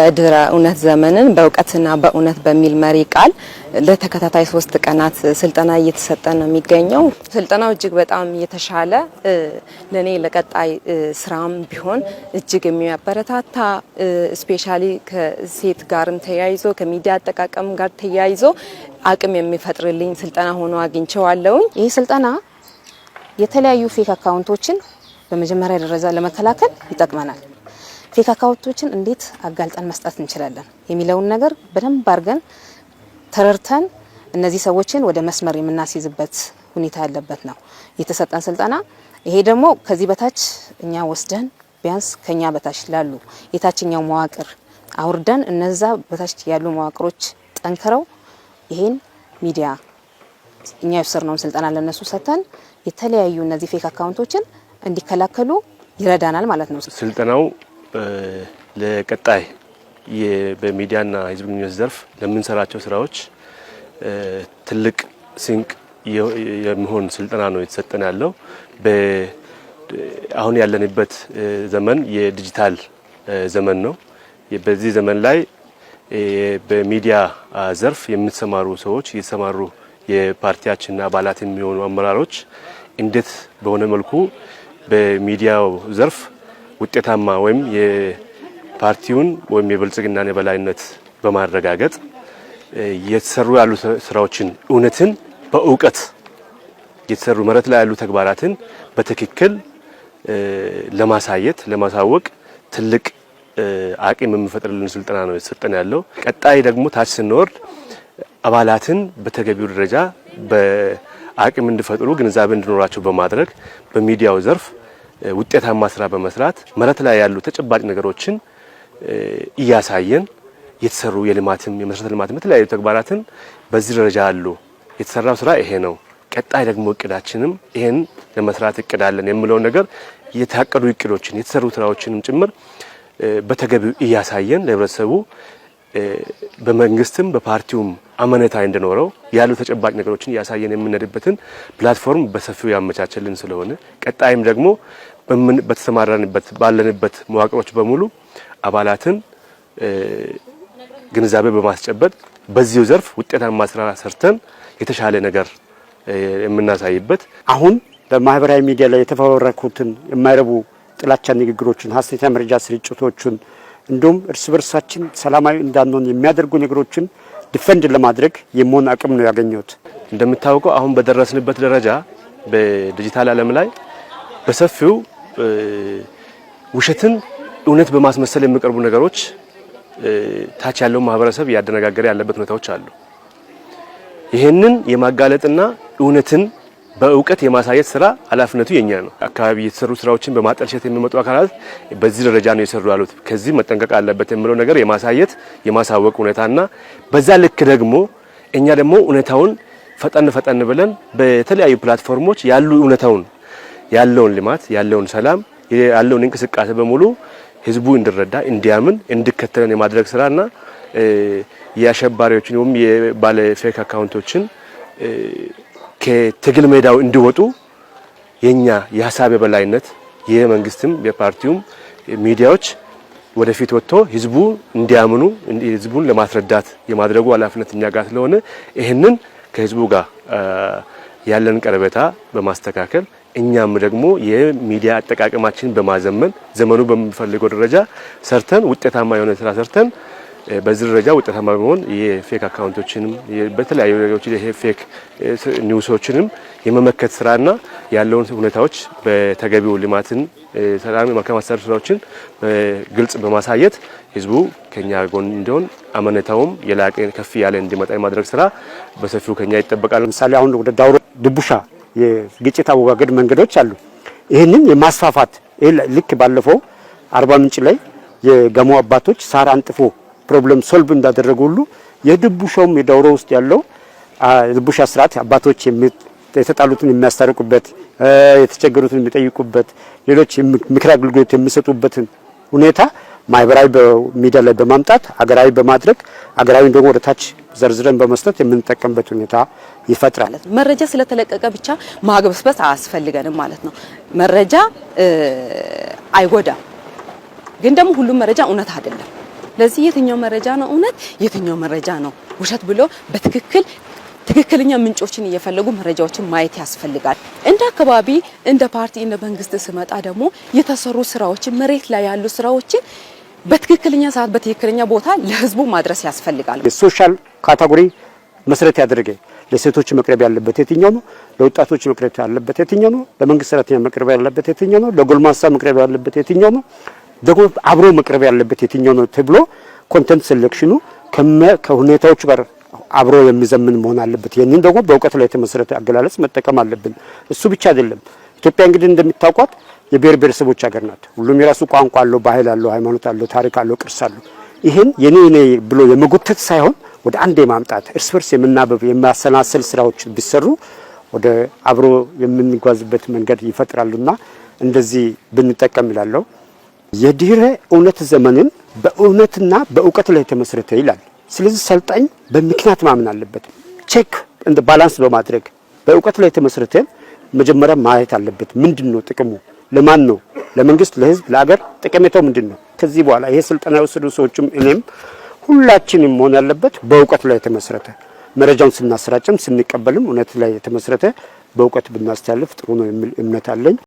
የድህረ እውነት ዘመንን በእውቀትና በእውነት በሚል መሪ ቃል ለተከታታይ ሶስት ቀናት ስልጠና እየተሰጠ ነው የሚገኘው። ስልጠናው እጅግ በጣም የተሻለ ለእኔ ለቀጣይ ስራም ቢሆን እጅግ የሚያበረታታ ስፔሻሊ ከሴት ጋርም ተያይዞ ከሚዲያ አጠቃቀም ጋር ተያይዞ አቅም የሚፈጥርልኝ ስልጠና ሆኖ አግኝቸዋለውኝ። ይህ ስልጠና የተለያዩ ፌክ አካውንቶችን በመጀመሪያ ደረጃ ለመከላከል ይጠቅመናል። ፌክ አካውንቶችን እንዴት አጋልጠን መስጠት እንችላለን የሚለውን ነገር በደንብ አድርገን ተረድተን እነዚህ ሰዎችን ወደ መስመር የምናስይዝበት ሁኔታ ያለበት ነው የተሰጠን ስልጠና። ይሄ ደግሞ ከዚህ በታች እኛ ወስደን ቢያንስ ከኛ በታች ላሉ የታችኛው መዋቅር አውርደን እነዛ በታች ያሉ መዋቅሮች ጠንክረው ይሄን ሚዲያ እኛ የወሰድነውን ስልጠና ለነሱ ሰጥተን የተለያዩ እነዚህ ፌክ አካውንቶችን እንዲከላከሉ ይረዳናል ማለት ነው ስልጠናው። ለቀጣይ በሚዲያና ህዝብ ግንኙነት ዘርፍ ለምንሰራቸው ስራዎች ትልቅ ስንቅ የሚሆን ስልጠና ነው የተሰጠን ያለው። አሁን ያለንበት ዘመን የዲጂታል ዘመን ነው። በዚህ ዘመን ላይ በሚዲያ ዘርፍ የምትሰማሩ ሰዎች የተሰማሩ የፓርቲያችንና አባላት የሚሆኑ አመራሮች እንዴት በሆነ መልኩ በሚዲያው ዘርፍ ውጤታማ ወይም የፓርቲውን ወይም የብልጽግናን የበላይነት በማረጋገጥ የተሰሩ ያሉ ስራዎችን እውነትን በእውቀት የተሰሩ መሬት ላይ ያሉ ተግባራትን በትክክል ለማሳየት ለማሳወቅ ትልቅ አቅም የሚፈጥርልን ስልጠና ነው የተሰጠን ያለው። ቀጣይ ደግሞ ታች ስንወርድ አባላትን በተገቢው ደረጃ በአቅም እንዲፈጥሩ ግንዛቤ እንዲኖራቸው በማድረግ በሚዲያው ዘርፍ ውጤታማ ስራ በመስራት መሬት ላይ ያሉ ተጨባጭ ነገሮችን እያሳየን የተሰሩ የልማትም የመሰረተ ልማትም የተለያዩ ተግባራትን በዚህ ደረጃ አሉ። የተሰራው ስራ ይሄ ነው። ቀጣይ ደግሞ እቅዳችንም ይሄን ለመስራት እቅዳለን የሚለውን ነገር የታቀዱ እቅዶችን የተሰሩ ስራዎችንም ጭምር በተገቢው እያሳየን ለህብረተሰቡ በመንግስትም በፓርቲውም አመኔታ እንዲኖረው ያሉ ተጨባጭ ነገሮችን እያሳየን የምንሄድበትን ፕላትፎርም በሰፊው ያመቻቸልን ስለሆነ ቀጣይም ደግሞ በምን በተሰማራንበት ባለንበት መዋቅሮች በሙሉ አባላትን ግንዛቤ በማስጨበጥ በዚሁ ዘርፍ ውጤታማ ስራ ሰርተን የተሻለ ነገር የምናሳይበት አሁን በማህበራዊ ሚዲያ ላይ የተፈበረኩትን የማይረቡ ጥላቻ ንግግሮችን፣ ሀሰተኛ መረጃ ስርጭቶችን እንዲሁም እርስ በርሳችን ሰላማዊ እንዳንሆን የሚያደርጉ ነገሮችን ዲፈንድ ለማድረግ የመሆን አቅም ነው ያገኘሁት። እንደምታወቀው አሁን በደረስንበት ደረጃ በዲጂታል ዓለም ላይ በሰፊው ውሸትን እውነት በማስመሰል የሚቀርቡ ነገሮች ታች ያለው ማህበረሰብ እያደነጋገረ ያለበት ሁኔታዎች አሉ። ይህንን የማጋለጥና እውነትን በእውቀት የማሳየት ስራ ኃላፊነቱ የኛ ነው። አካባቢ የተሰሩ ስራዎችን በማጠልሸት የሚመጡ አካላት በዚህ ደረጃ ነው የሰሩ ያሉት፣ ከዚህ መጠንቀቅ አለበት የሚለው ነገር የማሳየት የማሳወቅ ሁኔታና በዛ ልክ ደግሞ እኛ ደግሞ እውነታውን ፈጠን ፈጠን ብለን በተለያዩ ፕላትፎርሞች ያሉ እውነታውን ያለውን ልማት ያለውን ሰላም ያለውን እንቅስቃሴ በሙሉ ህዝቡ እንዲረዳ እንዲያምን እንዲከተለን የማድረግ ስራና የአሸባሪዎችን ወይም የባለ ፌክ አካውንቶችን ከትግል ሜዳው እንዲወጡ የኛ የሀሳብ የበላይነት የመንግስትም የፓርቲውም ሚዲያዎች ወደፊት ወጥቶ ህዝቡ እንዲያምኑ ህዝቡን ለማስረዳት የማድረጉ ኃላፊነት እኛ ጋር ስለሆነ ይህንን ከህዝቡ ጋር ያለን ቀረቤታ በማስተካከል እኛም ደግሞ የሚዲያ አጠቃቀማችን በማዘመን ዘመኑ በሚፈልገው ደረጃ ሰርተን ውጤታማ የሆነ ስራ ሰርተን በዚህ ደረጃ ውጤታማ በመሆን የፌክ አካውንቶችንም በተለያዩ ነገሮች የፌክ ኒውሶችንም የመመከት ስራና ያለውን ሁኔታዎች በተገቢው ልማትን ሰላም የማከማሰር ስራዎችን ግልጽ በማሳየት ህዝቡ ከኛ ጎን እንዲሆን አመኔታውም የላቀ ከፍ ያለ እንዲመጣ የማድረግ ስራ በሰፊው ከኛ ይጠበቃል። ለምሳሌ አሁን ወደ ዳውሮ ድቡሻ የግጭት አወጋገድ መንገዶች አሉ። ይህንን የማስፋፋት ልክ ባለፈው አርባ ምንጭ ላይ የጋሞ አባቶች ሳር አንጥፎ ፕሮብለም ሶልቭ እንዳደረጉ ሁሉ የድቡሻውም የዳውሮ ውስጥ ያለው የድቡሻ ስርዓት አባቶች የተጣሉትን የሚያስታርቁበት፣ የተቸገሩትን የሚጠይቁበት፣ ሌሎች ምክር አገልግሎት የሚሰጡበትን ሁኔታ ማህበራዊ ሚዲያ ላይ በማምጣት አገራዊ በማድረግ አገራዊን ደግሞ ወደታች ዘርዝረን በመስጠት የምንጠቀምበት ሁኔታ ይፈጥራል። መረጃ ስለተለቀቀ ብቻ ማግበስበስ አያስፈልገንም ማለት ነው። መረጃ አይጎዳም፣ ግን ደግሞ ሁሉም መረጃ እውነት አይደለም። ለዚህ የትኛው መረጃ ነው እውነት፣ የትኛው መረጃ ነው ውሸት ብሎ በትክክል ትክክለኛ ምንጮችን እየፈለጉ መረጃዎችን ማየት ያስፈልጋል። እንደ አካባቢ፣ እንደ ፓርቲ፣ እንደ መንግስት ስመጣ ደግሞ የተሰሩ ስራዎችን መሬት ላይ ያሉ ስራዎችን በትክክለኛ ሰዓት በትክክለኛ ቦታ ለህዝቡ ማድረስ ያስፈልጋል። የሶሻል ካታጎሪ መሰረት ያደረገ ለሴቶች መቅረብ ያለበት የትኛው ነው? ለወጣቶች መቅረብ ያለበት የትኛው ነው? ለመንግስት ሰራተኛ መቅረብ ያለበት የትኛው ነው? ለጎልማሳ መቅረብ ያለበት የትኛው ነው? ደግሞ አብሮ መቅረብ ያለበት የትኛው ነው ተብሎ ኮንተንት ሴሌክሽኑ ከሁኔታዎቹ ጋር አብሮ የሚዘምን መሆን አለበት። ይህንን ደግሞ በእውቀት ላይ የተመሰረተ አገላለጽ መጠቀም አለብን። እሱ ብቻ አይደለም። ኢትዮጵያ እንግዲህ እንደሚታውቋት የብሔር ብሔረሰቦች ሀገር ናት። ሁሉም የራሱ ቋንቋ አለው፣ ባህል አለው፣ ሃይማኖት አለው፣ ታሪክ አለው፣ ቅርስ አለው። ይህን የኔ ኔ ብሎ የመጎተት ሳይሆን ወደ አንድ የማምጣት እርስ በርስ የምናበብ የማሰናሰል ስራዎች ቢሰሩ ወደ አብሮ የምንጓዝበት መንገድ ይፈጥራሉና እንደዚህ ብንጠቀም ይላለው። የድህረ እውነት ዘመንን በእውነትና በእውቀት ላይ የተመሰረተ ይላል። ስለዚህ ሰልጣኝ በምክንያት ማመን አለበት። ቼክ እንደ ባላንስ በማድረግ በእውቀት ላይ የተመሰረተ መጀመሪያ ማየት አለበት። ምንድን ነው ጥቅሙ? ለማን ነው? ለመንግስት፣ ለህዝብ፣ ለሀገር ጠቀሜታው ምንድን ነው? ከዚህ በኋላ ይሄ ስልጠና የወሰዱ ሰዎችም እኔም ሁላችንም መሆን ያለበት በእውቀት ላይ የተመሰረተ መረጃውን ስናሰራጭም ስንቀበልም እውነት ላይ የተመሰረተ በእውቀት ብናስተላልፍ ጥሩ ነው የሚል እምነት አለኝ።